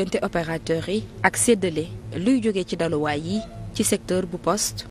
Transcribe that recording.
diggante opérateur yi ak séddale luy jóge ci daluwaay yi ci secteur bu poste